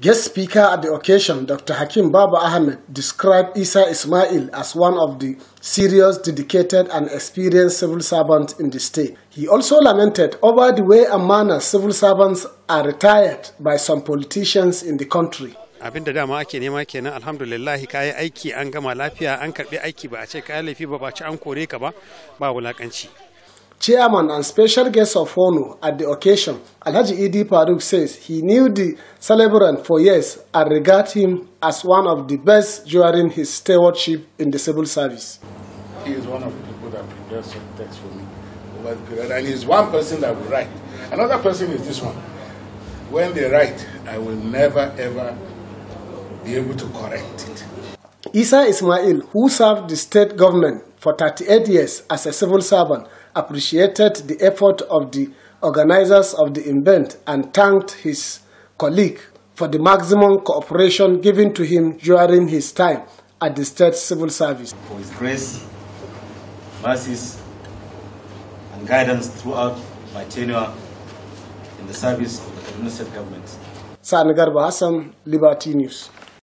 Guest speaker at the occasion, Dr. Hakim Baba Ahmed described Isa Ismail as one of the serious, dedicated, and experienced civil servants in the state. He also lamented over the way and manner civil servants are retired by some politicians in the country. abin da dama ake nema kenan alhamdulillah, ka yi aiki an gama lafiya an karbi aiki ba a ce ka laifi ba ba ci an kore ka ba ba wulakanci chairman and special guest of honor at the occasion, Alhaji Idi Paruk says he knew the celebrant for years and regard him as one of the best during his stewardship in the civil service. He is one of the people that prepared some text for me over the period, and he's one person that will write. Another person is this one. When they write, I will never ever be able to correct it. Isa Ismail, who served the state government for 38 years as a civil servant, appreciated the effort of the organizers of the event and thanked his colleague for the maximum cooperation given to him during his time at the state civil service. For his grace, mercies, and guidance throughout my tenure in the service of the state government. Sanagar Hassan, Liberty News.